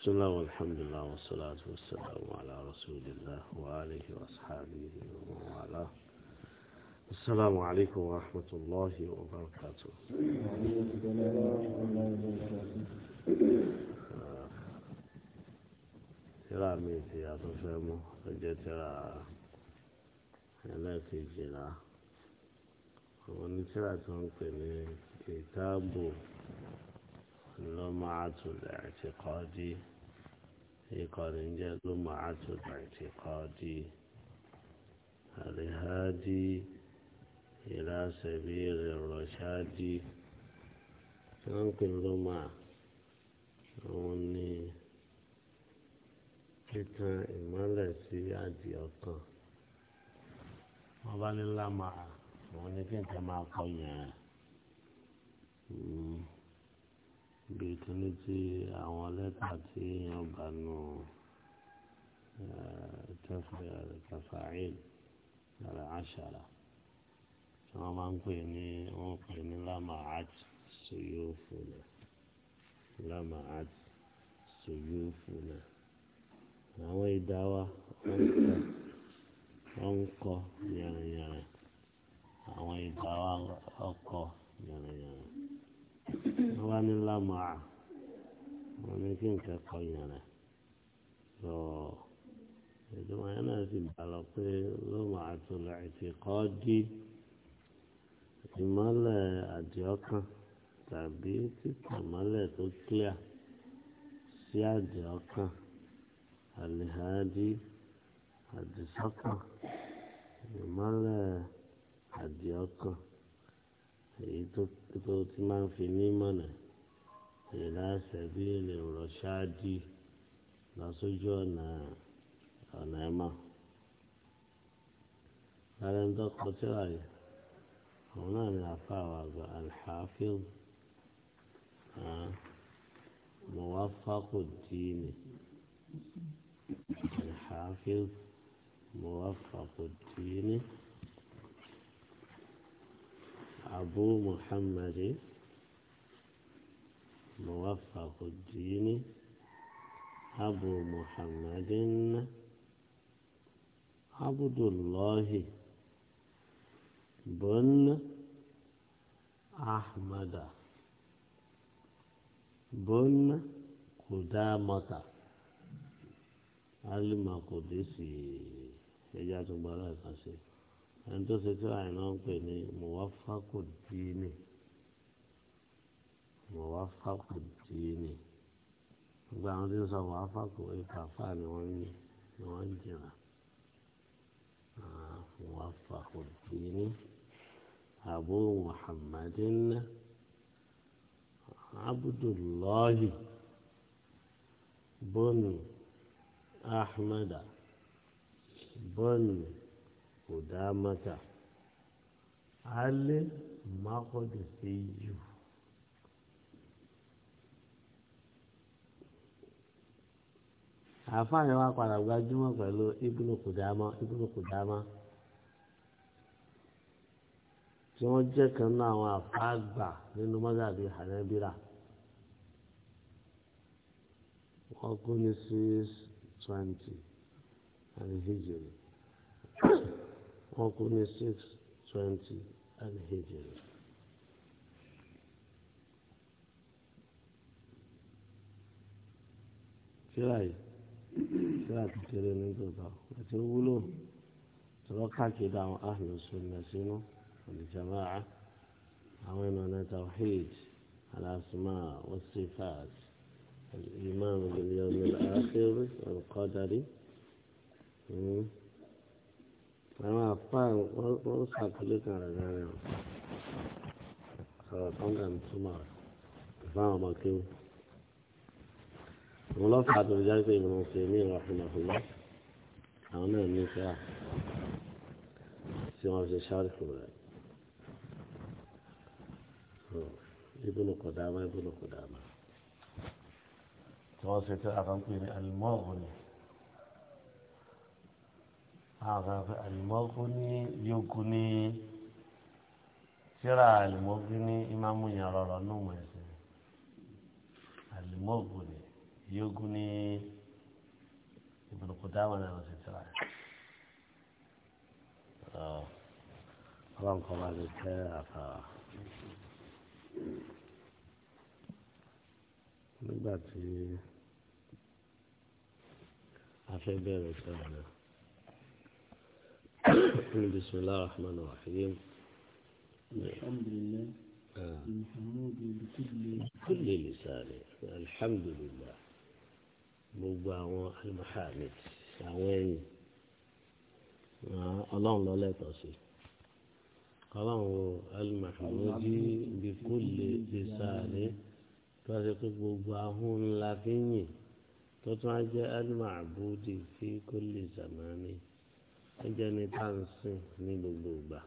بسم الله والحمد لله والصلاة والسلام على رسول الله وآله وأصحابه وعلى السلام عليكم ورحمة الله وبركاته ترى من سياسة فهمه فجاء ترى لا تجينا ونترى تنقل كتابه لمعة الاعتقاد إيقان لمعة الاعتقاد الهادي إلى سبيل الرشاد ممكن لمعة أوني kíkan ìmọ́lẹ̀ sí àdì ọkàn wọ́n bá ní lámàá ما ní kí n bíi kíní tí àwọn lẹ́tà tí èèyàn bá nù eh, kẹfàáyìn àrà àṣàrà tí wọ́n máa ń pè ní wọ́n pè ní lamaat suyufuna lamaat suyufuna àwọn ìdáwà wọ́n ń kọ yàrá àwọn ìdáwà ọkọ yàrá wọ́n á ní lámà á wọ́n ní kí nǹkan kọ́ yẹn rẹ̀ lọ ìjọba yẹn náà sì bá lọ pé lọ́mọ àtúnlẹ̀ ìtìkọ́ dí ìmọ́lẹ̀ àdìọ́kàn tàbí títàmọ́lẹ̀ tó clear sí àdìọ́kàn àlìhàdí àdìsọ́kàn ìmọ́lẹ̀ àdìọ́kàn. èyí tó ti máa ń fi ní mọ̀nà ìlà ṣẹ̀bí lè rọ̀ ṣáájú lọ sójú ọ̀nà ọ̀nà ẹ̀mọ́. Lára ń dọ́kọ̀ tí wà yìí, òun náà ni àfa àwọn àgbà Al-Hafiz Muwafaquddin Al-Hafiz aụmohaad mafaudini mamadabụdụlọhi ahadbụnne kudmata azụmudsijzalaazi ẹni tó ṣe tí àìná ń pè ní mùwáfákùdíínì mùwáfákùdíínì gbogbo àwọn tí ń sọ mùwáfákù ìfàfà ni wọ́n ń ni wọ́n ń jìnnà ah, mùwáfákùdíínì abu muhammadin abdullahi bọ́nù ahmed bọ́nù. قدامة المقدسي àfáàní wa padà gbajúmọ̀ pẹ̀lú ibùnú kùdámà ibùnú kùdámà tí wọ́n jẹ́ kan náà àwọn àfáàgbà nínú mọ́gàdì hanabira wọ́n kú ní wọn kú ní six twenty alhijiri. kíra yìí kíra kékeré ní tòótọ́ àti wúlò tọ́lọ́ káàkiri àwọn ahlu sunnah sínú al-jama'a àwọn ìmọ̀nà tawhid al-asma' was-sifat al-iman bil-yawm al-akhir wal-qadari. Hmm àwọn àfa wọn ṣàkólé kan rẹ̀ rẹ̀ o sọ̀rọ̀ tó ń kàn túmọ̀ rẹ̀ fáwọn ọmọ kéwù. àwọn ọlọ́pàá tó ń jáde pé ìmọ̀ ṣe ní ìwà fúnafúnà àwọn náà ní sáà tí wọ́n ṣe ṣáàrì fún rẹ̀. ibùnú kọ̀dáàmà ibùnú kọ̀dáàmà tí wọ́n ṣe tí a kan pè ní alimọ́ọ̀gùn ni alimọ́gúnni yógúnni tíra alimọ́gúnni imáàmù yẹn rọrọ̀ nùmọ̀ ẹ̀sìn alimọ́gúnni yógúnni Ibn Qudama náà lọ sí tíra ọlọ́run kọ́ máa lè tẹ́ àfàrà. nígbà tí a fẹ́ bẹ̀rẹ̀ sọ̀rọ̀. بسم الله الرحمن الرحيم الحمد لله محمود بكل كل لسان الحمد لله gbogbo àwọn almuhamid àwọn ẹni ah, ọlọ́run ló lẹ́tọ̀ọ́ sí ọlọ́run almuhamudi bí kò lè lè sáré tó ṣe pé gbogbo ahọ́n ńlá fi ń yìn tó tún á jẹ́ almuhamudi fi kò lè zàmánì ẹjẹ́ ni tá à ń sìn ní gbogbo ìgbà.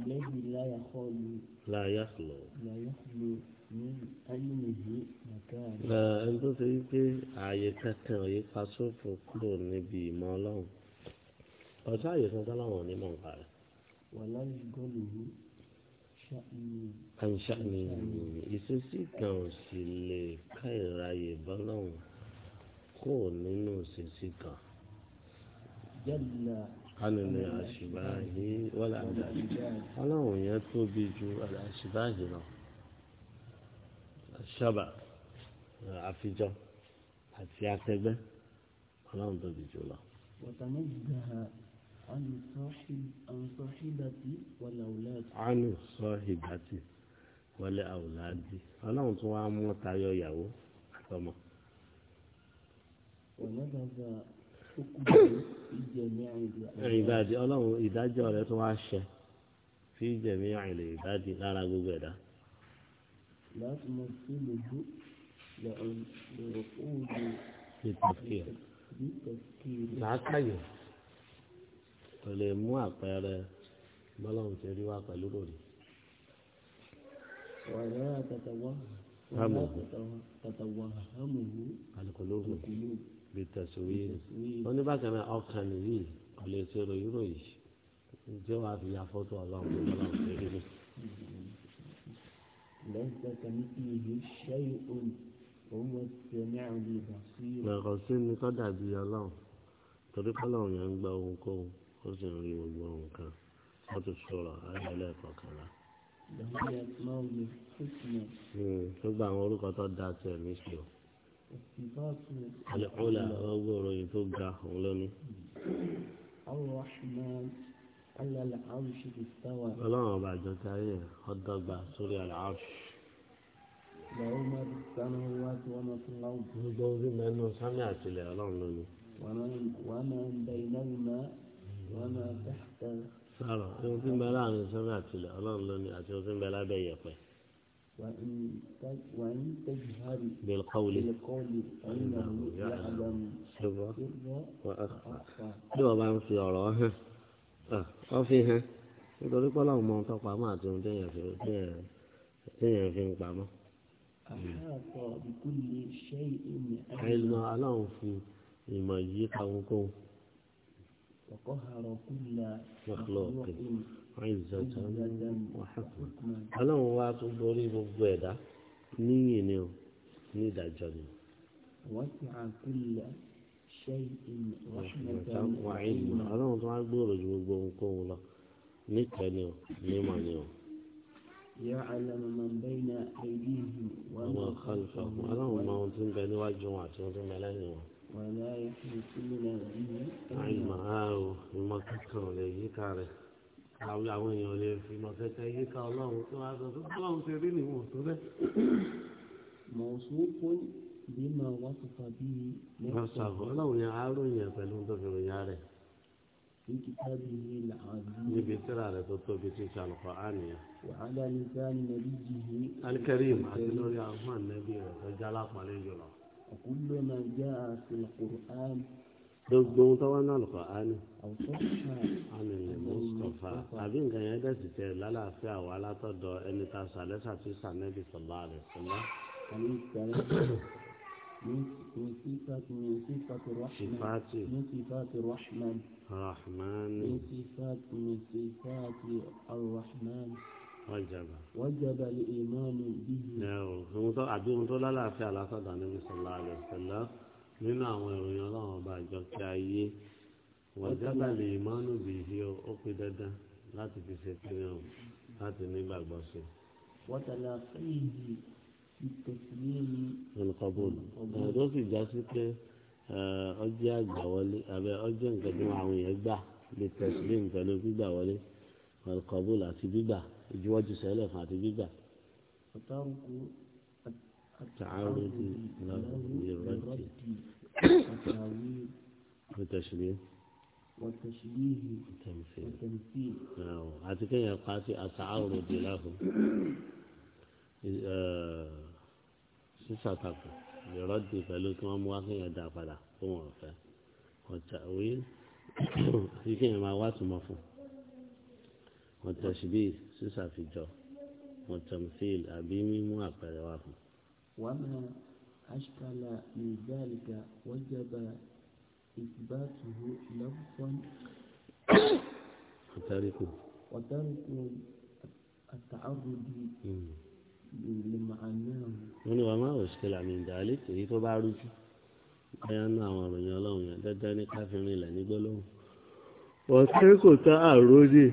àlejò láyà kọ́ lu. láyà lọ. láyà lọ ní ayélujára nàkà rẹ. ẹ ẹni tó ṣe wípé ààyè kankan òye pa sófò kúrò níbi ìmọ̀ ọlọ́run ọjọ́ ààyè kankan láwọn ò ní mọ̀ nípa rẹ̀. wàhálà ìgbọ́lù yìí àǹṣà ni ìṣesí kan ò sì lè ká ìráyè bọ́lọ́hún kó nínú ìṣesí kan. yálà alùlù àṣìbáyé wọlé àdáyé ọlọ́run yẹn tóbi ju àṣìbáyé lọ àṣàbà àfijọ́ àti akẹgbẹ́ ọlọ́run tóbi jù lọ. anu sọ́hìbàtì wọlé àwùládì ọlọ́run tún wá mú tayọ ìyàwó àtọmọ ìbàdí ọlọ́run ìdájọ́ rẹ̀ tó wá ṣẹ fi jẹ̀mí àìlè ìbàdí lára gbogbo ẹ̀dá. láti mọ sí lójú lọ́rọ̀ òòlù ìtàkìyà làákàyè kò lè mú àpẹẹrẹ bọ́lọ́run ti rí wa pẹ̀lú lórí. wàhálà tàtàwá. hàmù. tàtàwá hàmù. alukolo. alukolo bìtẹ̀síwìrì oníbàkànnà ọkàn nìyí kò lè ṣe ròyìn ròyìn tí wàá fi ya fọ́tò ọlọ́run tó lọ́wọ́ ṣe rí mi. Bẹ̀rẹ̀ sí ni kọ́ dàbí ọlọ́run torí kọ́lọ́run yẹn ń gba ohunkóhun ó sì ń rí gbogbo ohun kan wọ́n ti sọ̀rọ̀ ayẹyẹ kọ̀ọ̀kanlá. Gbogbo àwọn orúkọ tó dáa tiẹ̀ ní ṣe àlẹ́kùnlé àwọn ọgọ́rọ̀ yìí tó ga òun lọ́nu. ọlọ́run ọba àjọ tí a yẹ ọdọ́gba sórí àlàáfù. gbogbo orí mẹ́nu sámi àtìlẹ̀ ọlọ́run lónìí. sára ohun tí ń bẹ láàrin sámi àtìlẹ̀ ọlọ́run lónìí àti ohun tí ń bẹ lábẹ́ yẹ̀pẹ̀. وإن تجهر بالقول فإنه يعلم سر وأخفى دوا بان في الله اه وفيها nítorí pé ọlọ́run mọ ohun tó pamọ́ àti ohun téèyàn fi téèyàn fi ń pamọ́. àìlùmọ̀ aláwọ̀ fi ìmọ̀ yìí káwọn kóhun. ọ̀kọ́ àròkúnlá ọ̀hún. عزة وحكمة ألم وعطوا دوري ببويدا نيني نيو نيدا جاني وسع كل شيء رحمة وعلما ألم وعطوا دوري ببويدا قولا نيكا نيو نيما نيو يعلم من بين أيديهم وما خلفهم ألم وعطوا بين واجهم وعطوا بين لهم ولا يحيطون به علما آه المكتوب ليجي كاره àwọn àwọn èèyàn lè fi mọ̀tẹ́tẹ́ yé ká ọlọ́run tó wá sọ fún ọlọ́run ṣe rí nìwọ̀n tó bẹ́ẹ̀. mọ̀ọ́sọ́kún bí máa wá sọ̀tà bí. mọ̀ọ́sọ̀kún ọlọ́run yẹn aróyìn ẹ̀ pẹ̀lú tó fi ròyìn rẹ̀. níbi tíra rẹ̀ tó tóbi ti ṣàlùkọ́ àníyàn. wàhálà ní sáà ní nàbí jìhì. alikarim àti lórí àwọn ànábì rẹ̀ tó jálá pàlẹ́ jùlọ. ọ̀kúnlẹ̀ máa gbogbo ohun tó wá náà lọ́kọ̀ á ní àmì ní mustapha àbí nǹkan yẹn dẹ̀sí tẹ̀ lálàáfíà wà látọ̀dọ̀ ẹni tá a sọ àlẹ́ sàtú sàmẹ́bí sọ̀lá rẹ̀ sọ̀lá. صفات من صفات الرحمن الرحمن من صفات من صفات الرحمن وجب وجب الإيمان به. نعم، أبي أنت لا لا في على النبي صلى الله عليه وسلم nínú àwọn ìròyìn ọlọ́run ọba àjọ kí ayé wọ̀jábà lè mọ́nú bí i ó pé dandan láti fi ṣe kiri hàn láti nígbàgbọ́ sí i. wọ́tàlá fẹ́yìí ti tẹ̀sílẹ̀ mi. olùkọ́bọ̀lù ọ̀dọ́ sì já sí pé ọjọ́ àgbàwọlé àbẹ ọjọ́ nǹkan tí àwọn èèyàn gbà lè tẹ̀sílẹ̀ pẹ̀lú gbígbà wọlé olùkọ́bọ̀lù àti gbígbà ìjọwọ́jú sẹ́lẹ̀ fún àti gbígbà. ọ̀tá òkú التعارض له للرد والتشبيه والتشبيه والتمثيل نعم عاتك يبقى في التعارض له sísàtàkù ìrọ́dì pẹ̀lú tí wọ́n mú wá kéèyàn dá padà fún wọn ọ̀fẹ́ ọ̀tàwé àti kéèyàn máa wá túmọ̀ fún ọ̀tàṣìbí sísàfijọ́ ọ̀tàmùsíl àbí mímú àpẹẹrẹ wá fún. وما أشكل من ذلك وجب إثباته لفظا وترك وترك التعرض لمعناه wọ́n ní wàá máa wò síkẹ́lá mi dàálí èyí tó bá rújú báyà ná àwọn ọ̀ròyìn ọlọ́run yẹn dáadáa ní káfíńrin ilẹ̀ ní gbólóhùn. ọ̀sẹ̀ kò tá àròdì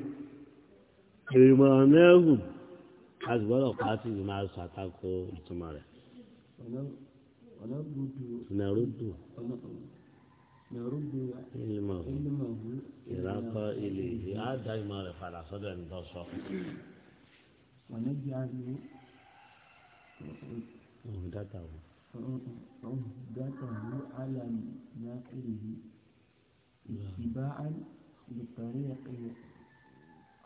èèmọ̀ ọ̀nẹ́hùn a sì gbọ́dọ̀ pàtì máa sọ ìtumọ̀ rẹ̀. نرد علمه إلى قائله عاد دائما رفع صدر البصر ونجعل عهدته عهدته على ناقله اتباعا بطريق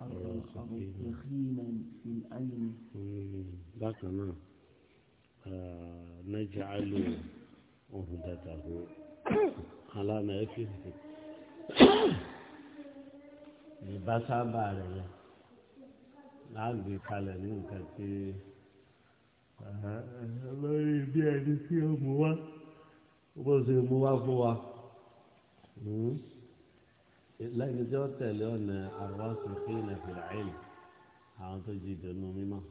الرخيم في العين. بقى نجعل عهدته على ما يكفي ìbá sábà rẹ̀ yẹn láàgbé kalẹ̀ ní nǹkan tí lórí bí ẹni tí ó mú wá bó ṣe mú wá fún wa lẹ́yìn tí ó tẹ̀lé ọ̀nà àwọn sọ̀kè nàfẹ̀lẹ́ àwọn tó jí ìdùnnú mímọ́.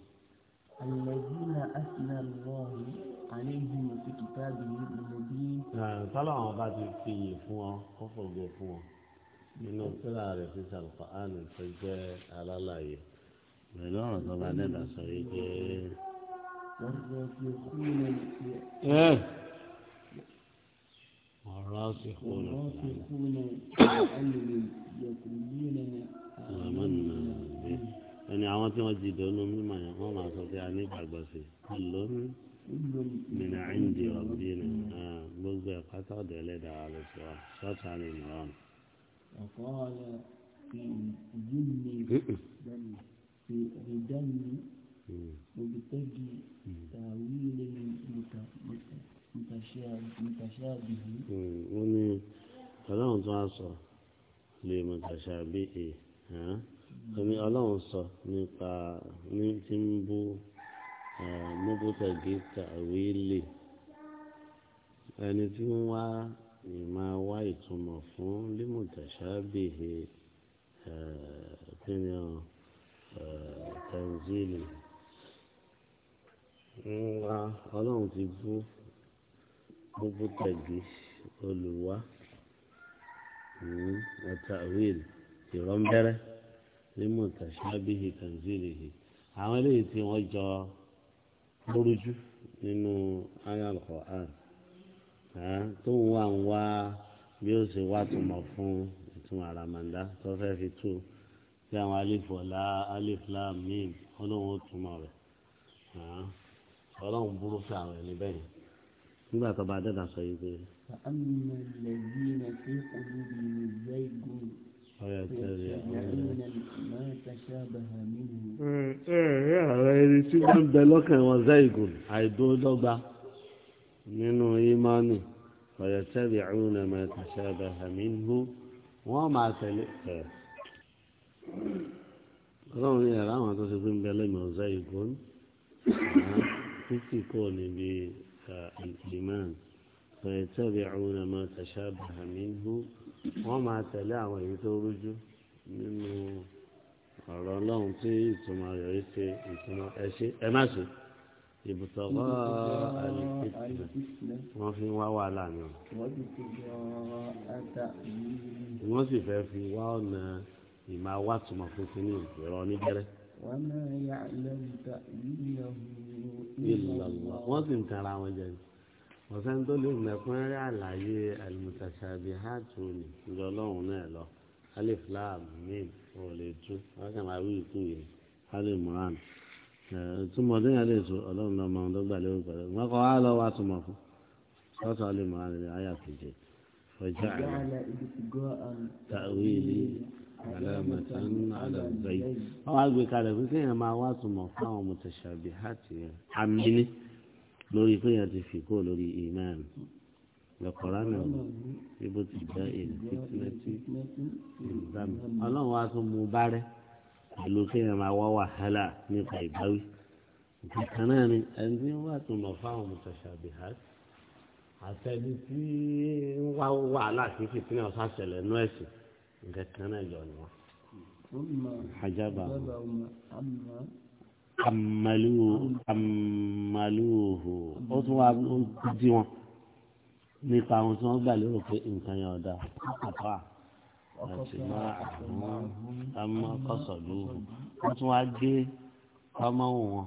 الذين أثنى الله عليهم في كتابه المبين طلعوا بعد في فوا خفوا فوا من طلع في القرآن الفجر على الله pẹ̀lú ọ̀rọ̀ tó bá dẹ́ta sọ yìí pé. ọ̀rọ̀ sì kúnlẹ̀. ọ̀rọ̀ sì kúnlẹ̀ ẹni àwọn tí wọ́n ti dọ̀nù mímọ̀ yẹn wọ́n máa sọ pé a ní gbàgbọ́ sí i lónìí nínú àìndí ọ̀bí ni gbogbo ẹ̀ pátá ọ̀dọ̀ ẹlẹ́dàá ló sọ ṣọ́ọ̀tà ni mìíràn. wọ́n hmm. hmm, ní ọlọ́run tó wá sọ lè mọ̀tàṣà bí i ẹ̀mí ọlọ́run sọ nípa ní tí ń bú mọ́bútàgé tàwé lè ẹni tí ń wá ìmọ̀ wá ìtumọ̀ fún límùtàṣábìhì kíni ọ tẹ̀ǹzìlì ń wá ọlọ́run ti bú mọ́bútàgé olùwá tàwé ìrọ̀mbẹ́rẹ́. لمتشابه تنزيله عمله تي وجا burújú nínú àyá Al-Qur'an tó ń wá ń wá bí ó ṣe wá túmọ̀ fún ìtumọ̀ àràmàǹdá tó fẹ́ fi tú tí àwọn alif ọ̀la alif lam mim ọlọ́run ó túmọ̀ rẹ̀ ọlọ́run burú fún àwọn ẹni bẹ́ẹ̀ nígbà tó bá dẹ́ta sọ yìí pé ẹni tí wọ́n ń bẹ lọ́kàn wọn zayigun àìdúródọ́gba nínú ìmánì ọ̀yẹ̀tẹ́bì àrùn ẹ̀mọ ìtàṣẹ́bẹ̀ hàmínú wọ́n máa tẹ̀lé ẹ̀. ọlọ́run ní ẹ̀rọ àwọn tó ṣe fi ń bẹ lẹ́mọ̀ zayigun títí kò níbi ìmánì ọ̀yẹ̀tẹ́bì àrùn ẹ̀mọ ìtàṣẹ́bẹ̀ hàmínú wọ́n máa tẹ̀lé àwọn èyí tó rújú nínú ọ̀rọ̀ ọlọ́run tí ìtumọ̀ rẹ̀ rí ṣe ìtumọ̀ ẹ ṣe ẹ má ṣe ìbùtọ̀kọ́ àlìkìtìmẹ̀ wọ́n fi wá wàhálà ni wọ́n sì fẹ́ fi wá ọ̀nà ìmáwátùmọ̀ fún kínní ìrọ̀ níbẹ̀rẹ̀ wọ́n sì ń tara wọn jẹ ni ọ̀sẹ̀ ń tó lè mẹ́kúnrẹ́rẹ́ àlàyé àlùmùtàṣàbíhàtù ni ìjọ ọlọ́run náà lọ alif lam mim ò lè tú ọkà máa wí ìkú yìí alif moran túmọ̀ tó yẹn lè tú ọlọ́run náà máa ń dọ́gba lérò pẹ̀lú wọn kọ́ á lọ wá túmọ̀ fún sọ́tọ̀ alif moran ní àyà kejì ọjà tàwílì alamatan alazai wọn wá gbé kalẹ̀ fún kéèyàn máa wá túmọ̀ fún àwọn mùtàṣàbíhàtù yẹn àmì ni lórí pé yẹn ti fi kó lórí iman lẹ́kọ̀ọ́ránà ibo ti jẹ́ èrè fitinẹ́tì ìdámi ọlọ́run wa tún mú bárẹ́ pẹ̀lú kí yẹn máa wá wàhálà nípa ìbáwí kankan náà ni ẹni tí wàá tún lọ fáwọn mùsàṣàbí ha àtẹni tí ń wá wàhálà sí fitinẹ́ ọ̀sán nú ẹ̀sìn nǹkan náà jọ ni wọn àmàlúhù ó tún wá dí wọn nípa àwọn tí wọ́n gbà lérò pé nǹkan yẹn ọ̀dà àpá àti máa àwọn amọ́kọ̀sọ̀lúhù ó tún wá gé ọmọwò wọn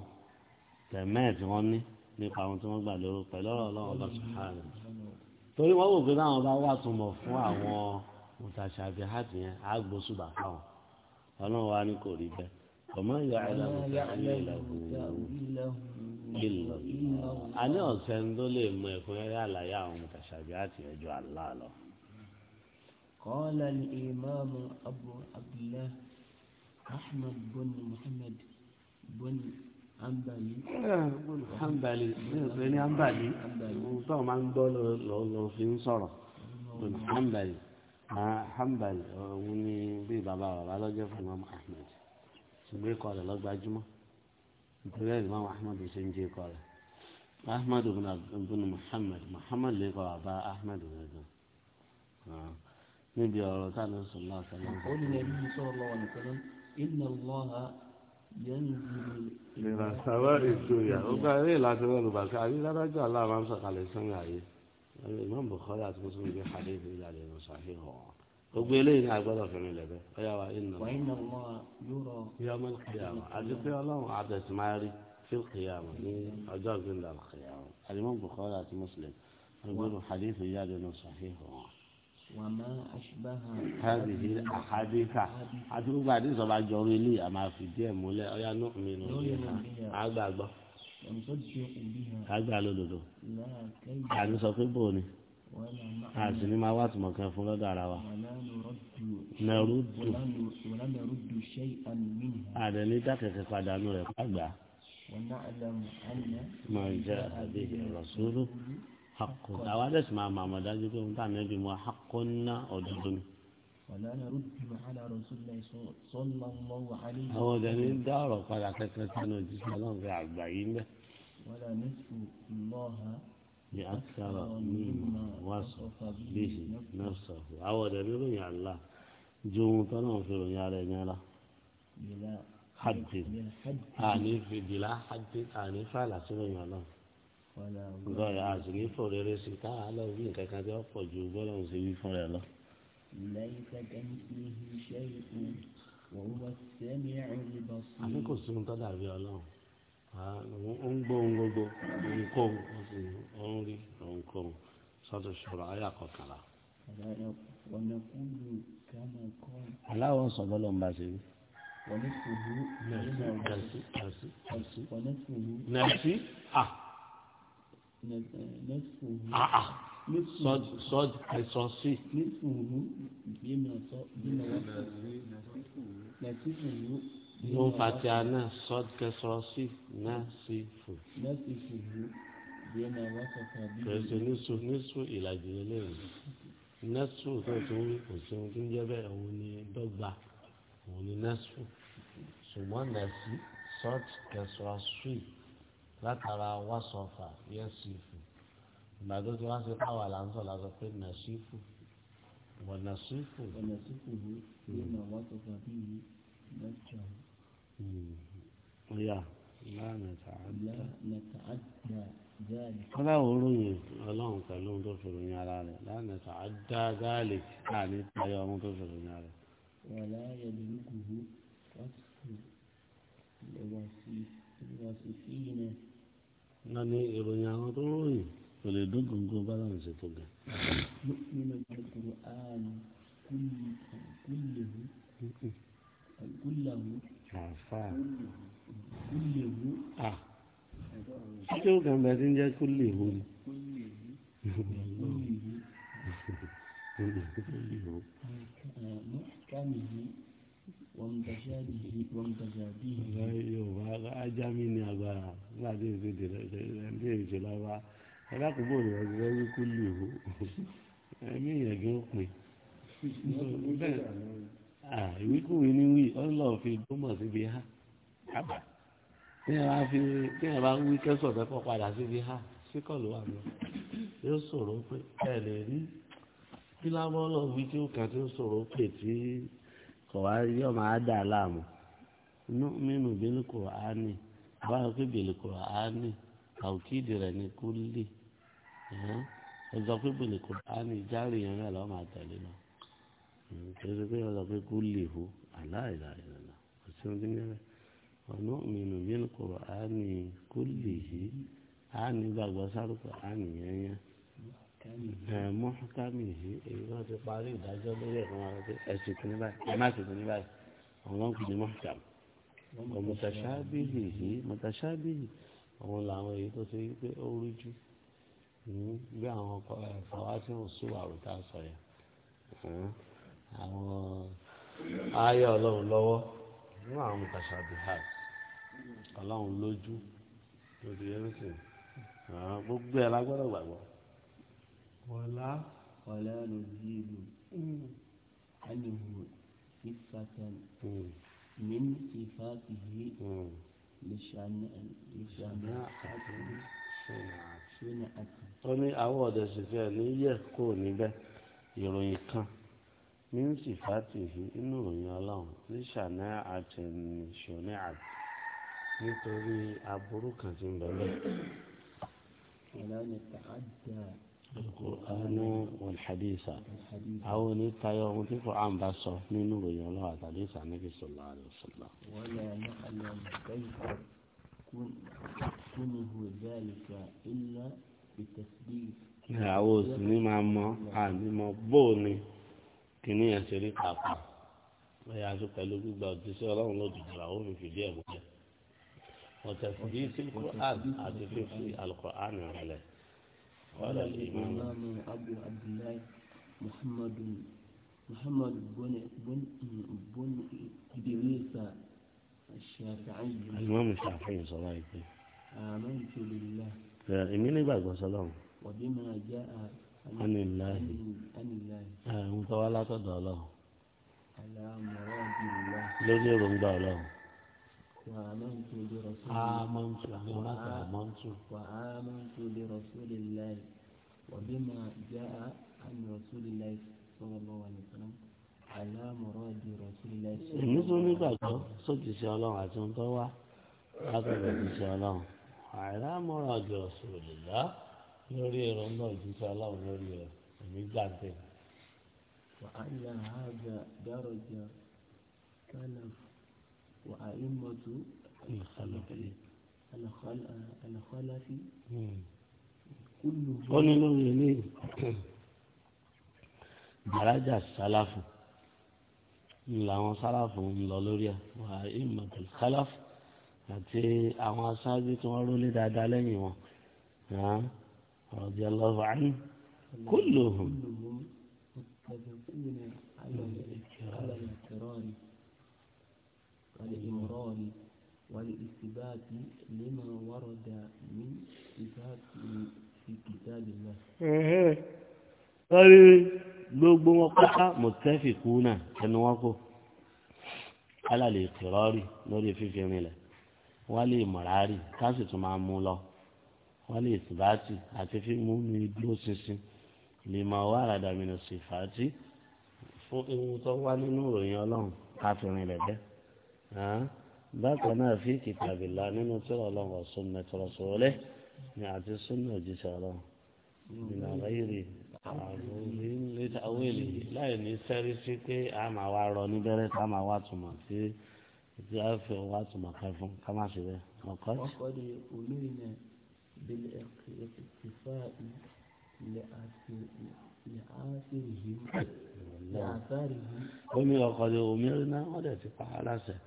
tẹ̀mẹ́ẹ̀ tí wọ́n ní nípa àwọn tí wọ́n gbà lérò pẹ̀lú ọ̀rọ̀ ọlọ́run lọ́sùn ààrẹ torí wọ́n wò pé táwọn bá wà tó mọ̀ fún àwọn mùtàṣàbí hàtìyẹn àgbóṣùbà fáwọn ọlọ́run wa ni kò rí bẹ́ẹ̀. وما يعلم تأويله إلا الله أنا أسندل ما يكون على يا متشابهات يجوا الله له قال الإمام أبو عبد الله أحمد بن محمد بن hanbali hanbali ní hanbali tó o máa ń gbọ́ lọ fi ń sọ̀rọ̀ hanbali hanbali òun ni bí ṣùgbọ́n ikọ̀ rẹ̀ lọ́gbàjúmọ́ nítorí ẹ̀rí máa ahmed ṣe ń jẹ́ ikọ̀ rẹ̀ ahmed bin muhammed muhammed lè kọ́ bàbá ahmed gbẹ̀gbẹ̀ ah, níbi ọ̀rọ̀ táwọn sọ̀rọ̀ náà sọ̀rọ̀. ó lè ní sọ̀rọ̀ lọ́wọ́ nìkan iná lọ́ha yẹn ń bí. ìrànṣàwọ̀ ìjòyà ó gbà eré ìlànà olùbàṣà àbí ládájọ́ aláàmásọ̀kalẹ̀ sọ́yìn àyè ìmọ̀ bùkọ́lá àti mùsùlùmí bí hadith ìlànà ìrànṣàhìn hàn gbogbo eléyìí ní agbọ́dọ̀ fẹ́mi lẹ́bẹ̀ ọ̀yà wa iná yọmọ kìyàmù àdìsí ọlọ́run àdẹ̀símárí fíl kìyàmù ní ọjọ́ ìgbìndà kìyàmù àdìmọ́ bukhari àti muslim ọgbọ́dọ̀ hadith ìyá àdìmọ́ sàhíhù wọn. wàmà àṣìbáhà hàbìhì àhàdìkà àti gbogbo àdìsí ọba jọrọ ilé àmà fìdí ẹ̀ múlẹ̀ ọ̀yà nùmí nù àgbàgbọ́ àgbà lódodo àdìsọ pé bò ni. àti ní máa wá tìmọ̀ kan fún lọ́dọ̀ ara wa. nàrúdù àdẹ̀ní dákẹ̀kẹ̀ padànù rẹ̀ pàgbà. mu jẹ́ àbí ìrọ̀sọ́rọ́ hakọ̀ àwa dẹ̀sí máa mọ̀ àmọ̀ dájú pé nǹkan àná bí mo hakọ̀ ńná ọ̀dọ́dọ́ mi. àwọn ọ̀dẹ̀ní dá ọ̀rọ̀ padà kẹ́kẹ́ sínú òjíṣẹ́ ọlọ́run àgbà yìí بأكثر مما وصف به نفسه أو دليل يا الله جونتنا في يا رجال بلا حد أني في بلا حد أني فعل سنة الله gbọ́ ya àṣírí fún rere sí ká lọ́wọ́ bí nǹkan kan tí wọ́n pọ̀ ju gbọ́dọ̀ ń ṣe wí fún rẹ lọ. àfi kò sí ohun tó dàbí ọlọ́run ó ń gbọ́ ohun gbogbo ohunkóhun ó sì ń rí ohunkóhun sọ́tò ṣòro ayà kọkànlá. aláwọ̀ ń sọ bọ́lọ̀ ń bá ṣe rí. nẹ́ẹ̀sì à. àà sọ́ọ̀d ẹ̀sọ́ sí. nẹ́ẹ̀sì ló ń fati aná sọd kẹsọrọ sí náà sí fò. kẹsì nísù nísù ìlàjì eléyìí nẹ́sù tó ti ń kò sí ohun tó ń jẹ́ bẹ́ẹ̀ òun ni dọ́gba òun ni nẹ́sù ṣùgbọ́n nẹ́sì sọd kẹsọrọ sí látara wàsọfà yẹsì fò ìgbà tó ti káwà là ń pé nẹ́sì fò wọ̀nà sí fò. wọ̀nà sọ fún abíyí. That's يا لا نتعدى لا نتعدى ذلك رؤية اللهم كلهم تفرون على لا نتعدى ذلك يعني يوم تفرون على ولا يدركه وصف الوصفين يعني ìròyìn àwọn tó ròyìn àǹfààní à ṣíṣe ó kàn bẹ tí ń jẹ́ kó lè hu ni. Yorùbá ajá mi ní agbára nígbà tí èsì ìdílé ẹni èsì lọ́wọ́ alákòóbò rẹ̀ ti rẹ́ kó lè hu ẹ̀mí ìyẹ̀gẹ́ òpin. ìwíkúwí ah, ní wí ọlọ́ọ̀ fi gbọ́mọ̀ síbi ha àbà tí ẹ fi wí padà síbi ha síkọ̀ ló wà lọ yóò sọ̀rọ̀ pé ẹ lè rí kí lábọ́ lọ wí tí ó tí ó pé tí kò wá yọ máa dà láàmú inú mímu pé rẹ ẹ pé járe yẹn lọ́ọ́ nítorí pé ọlọ́pẹ́ kò lè hó aláìláìlá ọ̀sẹ̀ ọdún mẹ́rin ọ̀nà mìíràn bí ní kọ̀rọ̀ á ní kò lè yí á ní gbàgbọ́ sárúkọ á nìyẹn yẹn mọ́ kámi yìí èyí wọ́n ti parí ìdájọ́ lórí ẹ̀kọ́ wọn pé ẹ̀sìn kìíní báyìí ẹ̀ má sì kìíní báyìí àwọn kìíní mọ́ kámi mọ̀tàṣábìlì yìí mọ̀tàṣábìlì àwọn làwọn èyí tó ṣe wípé ó rújú bí àwọn ọkọ̀ ẹ̀fọ́ wá sí òṣùwà rò tá a sọ yẹn àwọn ayé ọlọ́run lọ́wọ́ nínú àwọn mùtàṣàbíhàt ọlọ́run lójú lórí ẹrẹ́sìn àwọn gbogbo ẹ̀ lágbọ́dọ̀ gbàgbọ́. wọlá wọlá ló di ìlú alùpùpù ìfàtàn ní ìfàtìhì lìṣàmì àtàkùn ṣẹlẹ̀ àti. ó ní àwọn ọ̀dẹ̀ ní yẹ kó níbẹ̀ ìròyìn kan. من صفاته إنه يلام لشناعة شناعة nítorí aburú kan ti ń bẹ̀rẹ̀. Al-Qur'an wal-Hadisa. Àwọn onítayọ̀ ohun tí Qur'an bá sọ nínú ìròyìn ọlọ́wà tàbí ìsànẹ́bí sọ̀lá rẹ̀ sọ̀lá. Àwọn òsì ní máa mọ àmì mọ bóò ni kìíní yẹn ṣe rí pàápàá ẹ̀yà aṣọ pẹ̀lú gbígba òjíṣẹ́ ọlọ́run lòdì jùlọ àwọn òfin fìdí ẹ̀ múlẹ̀ ọ̀tẹ̀ fìdí sí quran àti fífi alukur'an rẹ̀ wàhálà ìmọ̀ abu abdullahi muhammadu muhammadu bọ́ni bọ́ni ìdírísà ṣàfihàn yìí. alimami ṣàfihàn sọlá yìí pé. àmọ́ ìṣòro ìlà. èmi nígbàgbọ́ sọlọ́run. wàbí máa jẹ́ anilahi ẹ̀hún tó wá látọ̀dọ̀ ọlọ́run lórí èròǹgbà ọlọ́run. وآمنت برسول آمنت آمنت آمنت وآمنت برسول الله وبما جاء عن رسول الله صلى الله عليه وسلم على مراد رسول الله صلى الله عليه وسلم. èmi tún nígbàgbọ́ sókè sí ọlọ́run àti ohun tó wá látọ̀dọ̀ sí ọlọ́run àìlámọ̀ràn àjọ ọ̀sùn òlìlá lórí ẹ̀rọ náà jíṣẹ́ aláwọ̀ lórí rẹ̀ èmi gbà tẹ̀. wàhálà àgbà dárọjà kánà wàhálìmọ̀tò àlàkọ́láfí. ó ní lórí ilé gbàrájà sálàfù ń làwọn sálàfù ń lọ lórí ẹ wàhálìmọ̀tò kálàfù àti àwọn aṣáájú tí wọ́n rólé dáadáa lẹ́yìn wọn. رضي الله عنه كلهم متفقون على الاقرار والإمرار والإثبات لما ورد من صفات في كتاب الله قالوا gbogbo wọn pátá mọ̀tẹ́fìkúnà ẹnu wọn kò alálẹ̀ ìkìrọ́rì lórí fífi rinlẹ̀ wọ́n lè mọ̀rárì ká sì tún máa mú lọ wọ́n lè ìsìbáàtì àti fíìmù ní dúró ṣinṣin lè máa wá àràdà mìíràn sífàátì fún ewu tó wá nínú ìròyìn ọlọ́run káfíìnrin lẹ́gbẹ́ bákan náà fi kìtàbìlà nínú tí ọlọ́run ọ̀sùn mẹ́tọ́rọ̀sọ̀rọ̀lẹ́ ni àti súnmọ́ òjíṣẹ́ ọlọ́run ìlànà ayèrè àwọn èlè láì ní sẹ́rí sí pé a máa wá rọ níbẹ̀rẹ̀ tá a máa wá túmọ̀ sí tí a fi wá túmọ̀ ká fún ká má ṣe bẹ́ẹ̀ ọkọ̀ بالاقتفاء لآثارهم لآثارهم هم وقد أمرنا ولا تقع لسه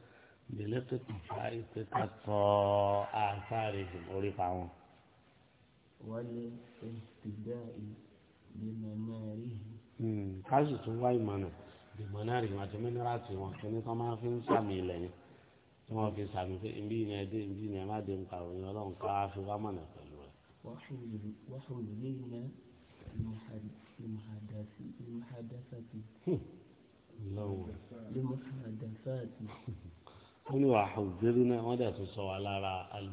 بالاقتفاء تقطع آثارهم أريقعون والاهتداء بمنارهم. حاجة تنوى المنار بمنارهم أتمنى راتي وكنت ما في سامي لهم tí wọ́n fi sàmì pé ibi ni ẹ dé ibi ni ẹ má dé nǹkan àwọn èèyàn ọlọ́run ká fi wá mọ̀nà pẹ̀lú rẹ̀. wọ́n ní wàá hùzẹ́rì náà wọ́n dẹ̀ tún sọ wa lára al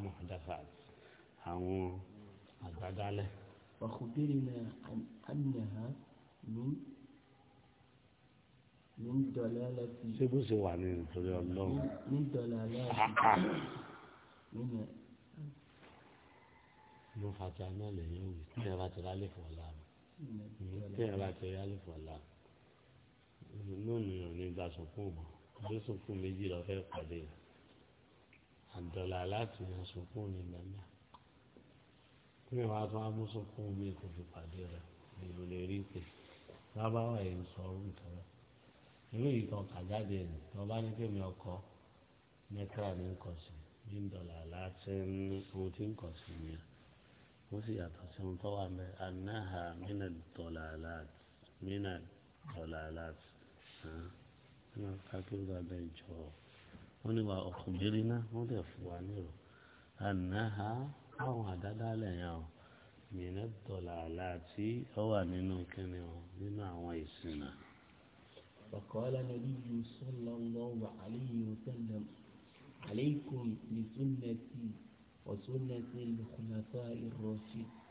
àwọn àgbàdálẹ̀. wàá hùzẹ́rì náà àmì àmì ní ṣé bó ṣe wà ní nítorí ọlọ́run ló eh. fàtí aná lẹ́yìn òwì tí ẹ bá ti rálé fún ọ̀la mi hmm. tí ẹ bá ti rálé fún ọ̀la mi lónìí ò ní gba sọ̀kún mọ́ ló sọ̀kún méjì lọ fẹ́ pàdé àdọ̀là láti yan sọ̀kún ní nàmà kí ni wàá tún amú sọ̀kún mi kò fi pàdé rẹ̀ èrò lè rí pé bábáwá yìí sọ orúkọ rẹ̀ irú yìí kan ni tí wọ́n bá ní kémi ọkọ mẹ́tírà ní nǹkan sí bí ń dọ̀là láti ní ohun tí nǹkan sí nìyẹn ó sì yàtọ̀ sí ohun tó wà mẹ́ anáhà mínà dọ̀là láti mínà dọ̀là láti nínú kákírù abẹ́ ìjọ wọ́n ní wa ọkùnrin náà wọ́n dẹ̀ fún wa nírò anáhà àwọn àdádálẹ̀ yẹn o mínà dọ̀là láti ó wà nínú kíni o nínú àwọn ìsìn náà. فقال النبي صلى الله عليه وسلم عليكم بسنتي وسنة الخلفاء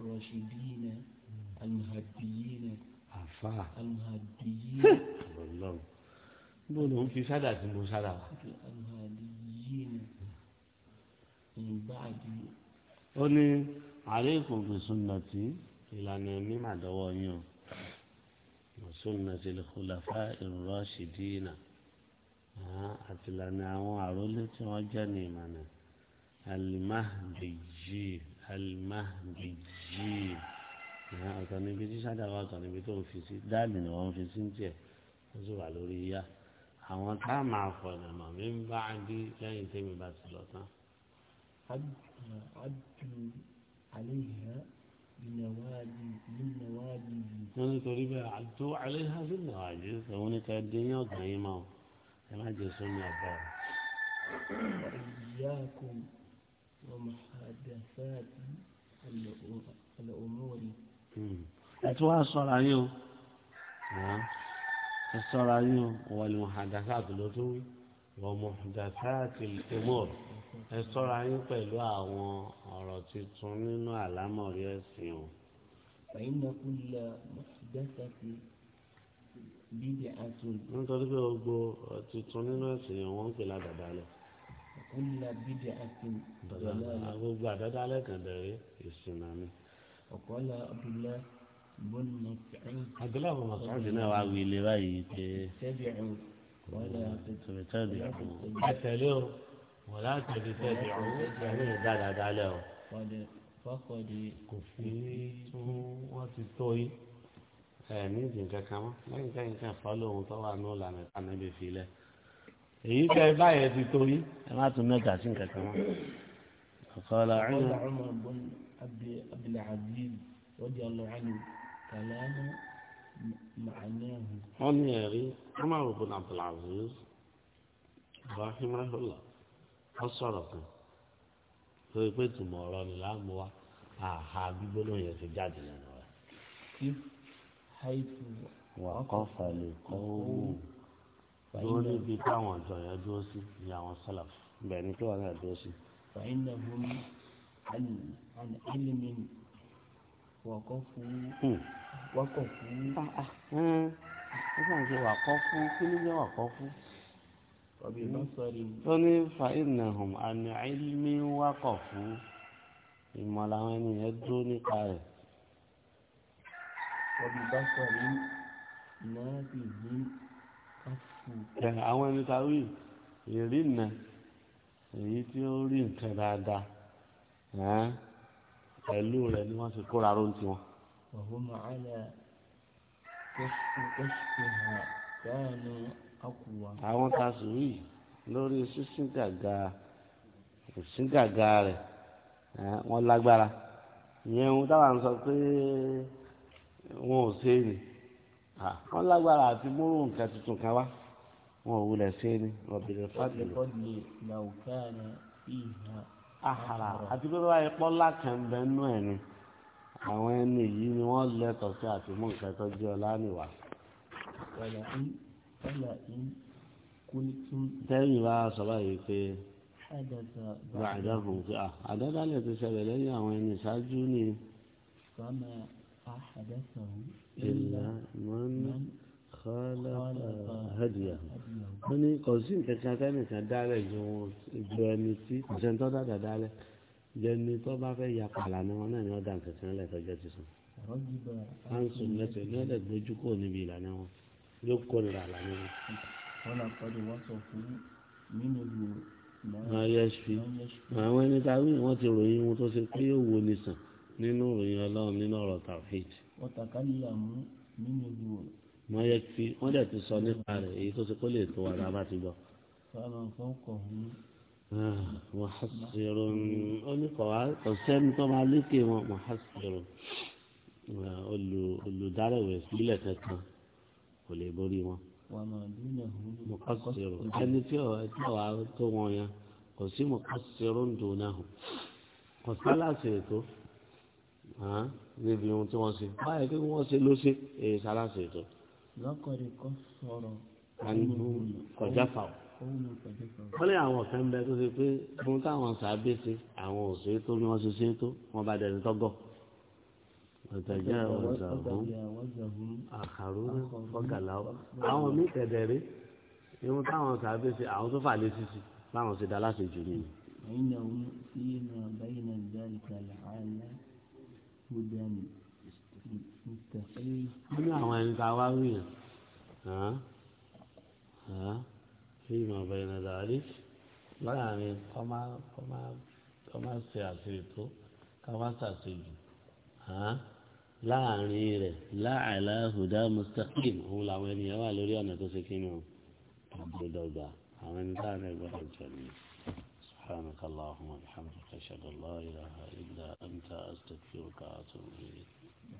الراشدين المهديين àfa. ọlọ́run bó ló ń fi sádà tí mo sára wa. ó ní àlékún fi sunnati ìlànà mímà dọ́wọ́ yín o. سنة الخلفاء الراشدين àti ìlànà àwọn àrólé tí wọ́n jẹ́ ní ìmọ̀nà alimahdeji alimahdeji ọ̀tọ̀ níbi tí sádàbà ọ̀tọ̀ níbi tó ń fi sí dáàlì ni wọ́n fi sí ń tiẹ̀ ó sì wà lórí yá àwọn tá a máa fọ ìrànà mi ń bá adé lẹ́yìn tẹ́mi bá ti lọ tán. adùn àléhìn wọ́n ní torí bẹ́ẹ̀ àjọ àléhà sí ní àjẹ́ òun ní ká dé ní ọ̀gá yín máa ẹ má jẹ sómi àbá rẹ̀. ìyáàkùn ọmọ àdàsáàtì àlọ́ òmùwòrì. ẹ tún wá sọ̀rọ̀ ayé o ẹ sọ̀rọ̀ ayé o wọ́n ní àdàsáàtì ló tún wí ọmọ àdàsáàtì ìmọ̀ọ̀rọ̀ ẹ ṣọ́ra yín pẹ̀lú àwọn ọ̀rọ̀ tuntun nínú àlámọ̀rí ẹ̀sìn o. فإن كل محدثة بدعة nítorí pé gbogbo tuntun nínú ẹ̀sìn yẹn wọ́n ń pè ládàbà lẹ̀. وكل بدعة ضلالة gbogbo àdáda lẹ́kàn bẹ̀rẹ̀ ìsìn náà ni. وقال عبد الله بن مسعود عبد الله بن مسعود náà wá wí ilé báyìí pé. تبعوا ولا تتبعوا. ẹ tẹ̀lé o wọ́n láti ẹbí fẹ́ bí ọ̀hún ẹ̀yìn ìdáadáa dálẹ̀ o. fọ́kọ̀dì kò fi tún wọ́n ti tó yín. ẹ ní ìdìn kankan mọ́ lẹ́yìn kẹ́yìn kan fọ́ lóhun tó wà ní ìlànà ìtàn ẹbí filẹ̀. èyí tẹ báyẹn ti tó yín ẹ má tún mẹ́ta sí kankan mọ́. ọ̀kọ́lá wọ́n ní ẹ̀rí ọmọ àbùkù nàbùlà àbùkù rahimahullah wọ́n sọ̀rọ̀ kan lórí pé tùmọ̀ ọ̀rọ̀ ni láàmú wa àhà gbígbóná yẹn ti jáde lẹ́nu rẹ̀. wà á kọ́ falẹ̀ kọ́ òun lórí ibi táwọn ọ̀dọ́ yẹn dúró sí ni àwọn sọ̀rọ̀ bẹ́ẹ̀ ni kí wọ́n náà dúró sí. فإنهم عن عن علم وقفوا وقفوا. ẹ ẹ ẹ ṣáà ń ṣe wàkọ́ fún kí ló ń jẹ́ wàkọ́ fún tó ní fàínàhùn àmì àìlmí wákọ̀ fún ìmọ̀ làwọn ènìyàn dúró nípa rẹ̀. àwọn ẹni ta wí ìrìnà èyí tí ó rí nǹkan dáadáa pẹ̀lú rẹ̀ ni wọ́n ti kóra ró tiwọn. ọ̀hún màálà kẹ́sìkẹ́sì hàn káà àwọn tasùwì lórí sísíngàgà sísíngàgà rẹ̀ wọ́n lágbára ìyẹn ohun táwa ń sọ pé wọn ò ṣe é ni wọ́n lágbára àti múrò nǹkan tuntun kan wá wọn ò wulẹ̀ ṣe é ni ọ̀bìnrin fàdìlì àhàrà àti pé báyìí pọ́lá kan bẹ nú ẹ̀ ni àwọn ẹni yìí ni wọ́n lẹ́tọ̀ọ́ sí àtìmú nǹkan tó jẹ́ ọlá nìwà ọ̀là in kúlítún. tẹ́yìn bá a sọ báyìí pé bàdàhùn ah, pé àdádálẹ̀ ti ṣẹlẹ̀ lẹ́yìn àwọn ẹni ṣáájú ni. fama ahadasahu illa man kọ́lá hadiya. wọ́n ní kò sí nǹkan kan tẹ́nìkan dálẹ̀ ju ju ẹni tí kò dàda dálẹ̀ ju ẹni tó bá fẹ́ ya pàlà ni wọn náà ni wọ́n nǹkan kan lẹ́tọ̀ọ́ jẹ́ ti sùn. à ń sùn lẹ́sẹ̀ ní ọ̀dẹ̀ gbójú kúrò níbi ìlànà wọn yóò la àlá nínú. wọn àpàdé wọn sọ fún nínú ìlú ayẹsùn àwọn ẹni tá a wí wọn ti ròyìn wọn tó ṣe pé yóò wo ni sàn nínú ròyìn Ọlọ́run nínú ọ̀rọ̀ tàfíìd. wọn yẹ kí wọn dẹ ti sọ nípa rẹ̀ èyí tó ṣe kó lè tó wa tá a bá ti gbọ́. wọ́n á sèrò oníkọ̀wá ah, kò sẹ́ni tó máa lékè wọn wọ́n á sèrò olùdarí ìwé sílẹ̀ kankan kò lè borí wọn. mọ̀kásìrò ẹni tí ọ̀wá tó wọn yẹn kò sí mọ̀kásìrò ń dùn náà kò sálàsì ètò níbi ohun tí wọ́n ṣe báyìí pé wọ́n ṣe ló ṣe èyí sálàsì ètò. lọ́kọ̀ọ́dẹ kọ́ sọ̀rọ̀ kọjá fà ó. wọ́n lé àwọn ọ̀fẹ́ ń bẹ tó ṣe pé ohun táwọn sábẹ́ ṣe àwọn òṣèré tó ní wọ́n ṣe ṣe tó wọ́n bá dẹni tọ́gọ̀ ọ̀tàjà ọ̀zàhún àkàrúnú fọ́gàláwọ́ àwọn mí tẹ̀dẹ̀rẹ́ irun táwọn sàbẹ̀ ṣe àwọn tó fà lé sísì báwọn ṣe dá láti jù nínú. فإنهم فيما بين ذلك العالم هدى مستقيم. أنا وين تعاوي؟ ها؟ ها؟ فيما بين ذلك láàrin kọ́má kọ́má kọ́má ṣe àṣejù tó kọ́má ṣàṣejù hàn. láàrin rẹ̀ láàlá hùdá mustaqim òun làwọn ènìyàn wà lórí ọ̀nà tó ṣe kí ni ó dọ̀gbọ̀dọ̀gbà àwọn ẹni tá à ní ẹgbẹ́ ọ̀jọ̀ ni سبحانك اللهم وبحمدك أشهد أن لا إله إلا أنت أستغفرك وأتوب إليك